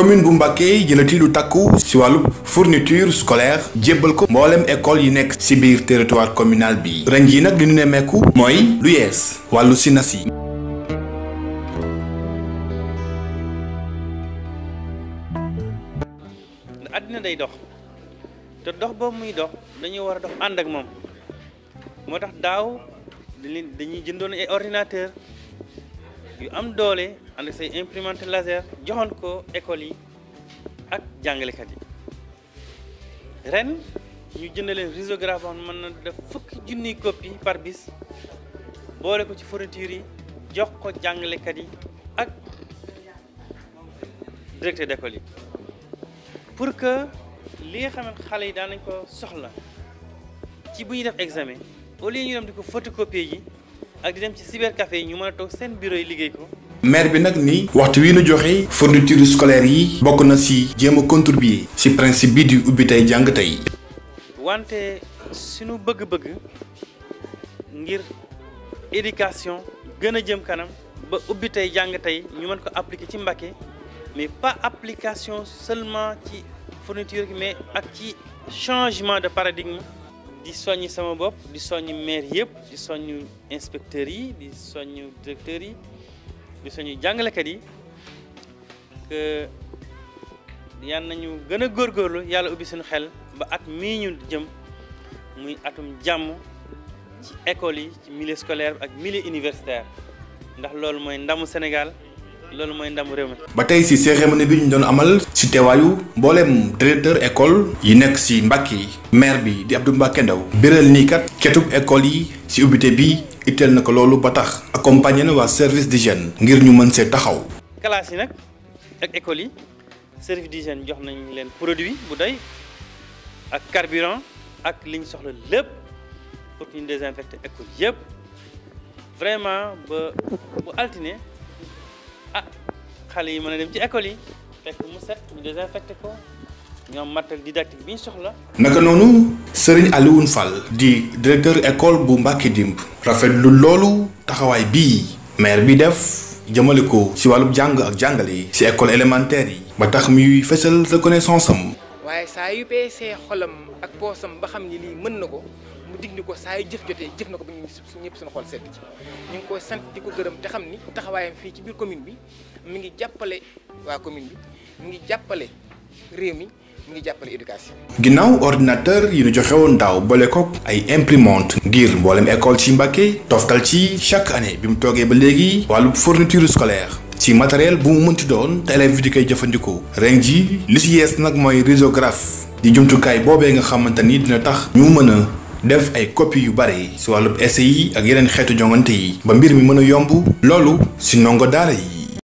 commune bu Mbacké jëlati lu takku si wàllu fourniture scolaire jébbal ko mbooleem école yi nekk si biir territoire communal bi ren jii nag li ñu nemmeeku mooy lu yees wàllu sinas yi àddina day dox te dox boobu muy dox dañuy war a dox ànd ak moom tax daaw dañuy yu am doole ànd ak say imprimante laser joxoon ko école yi ak jàngalekat yi ren ñu jënd leen risographe wax mën na def fukki junniy copie par bis boole ko ci fourniture yi jox ko jàngalekat yi ak directeur d'école yi pour que li nga xam xale yi daan nañ ko soxla ci bu ñuy def examen au lieu ñu dem di ko photocopier yi ak di dem ci cybercafé yi ñu mën a toog seen bureau yi liggéey ko. maire bi nag ni waxtu wi nu joxe fourniture scolaire yi bokk na si jéem a contribuer si principe bi di ubbi tey jàng tey. wante sunu bëgg-bëgg ngir éducation gën a jëm kanam ba ubbi tey jàng tey ñu mën ko appliquer ci Mbacké mais pas application seulement ci fourniture mais ak ci changement de paradigme. di soññ sama bopp di soññ maire yëpp di soññ inspecteurs yi di soññ directeurs yi di soññ jàngalekat yi que yal nañu gën a góorlu yàlla ubbi suñu xel ba at mii ñu jëm muy atum jàmm ci école yi ci milieu scolaire ak milieu universitaire ndax loolu mooy ndamu Sénégal loolu mooy ndam réew mi. ba tey si cérémonie bi ñu doon amal si teewaayu mbooleem directeur école yi nekk si Mbàkke yi maire bi di Abdou Mbacké Ndaw biral nii kat ketub école yi si ubbite bi itteel na ko loolu ba tax accompagné na waa service d'hygiène ngir ñu mën see taxaw. classe yi nag ak école yi service d'hygiène jox nañ leen produit bu doy ak carburant ak liñ soxla lépp pour ñu désinfecter école yëpp vraiment ba bu altine. xale yi mën a dem ci école yi fekk set ñu ñoom matériel didactique bi soxla. naka noonu Serigne Alioune Fall di directeur école bu Mbacke Dimb lu loolu taxawaay bii maire bi def. jëmale ko ci wàllu jàng ak jàngale yi ci école élémentaire yi ba tax muy fësal reconnaissance am waaye saa yu xolam ak poosam ba xam ni lii mën na ko mu dig ni ko saa yu jëf jotee jëf na ko ba ñu ñëpp suñu xool sedd ci mu ngi koy sant di ko gërëm te xam ni taxawaayam fii ci biir commune bi mi ngi jàppale waa commune bi ngi jàppale réew mi mu ngi jàppale éducation. ginnaaw ordinateur yi ñu joxe woon daaw boole ko ay imprimante ngir mboolem école ci Mbàkke toftal ci chaque année bi mu toogee ba léegi wàllu fourniture scolaire. ci matériel bu mu mënti doon te élèves yi di koy jëfandikoo ren ji li ci yees nag mooy risographe di jumtukaay boobee nga xamante ni dina tax ñu mën a def ay koppi yu bare yi si wàllu essai yi ak yeneen xeetu jongante yi ba mbir mi mën a yomb loolu si ndongo daara yi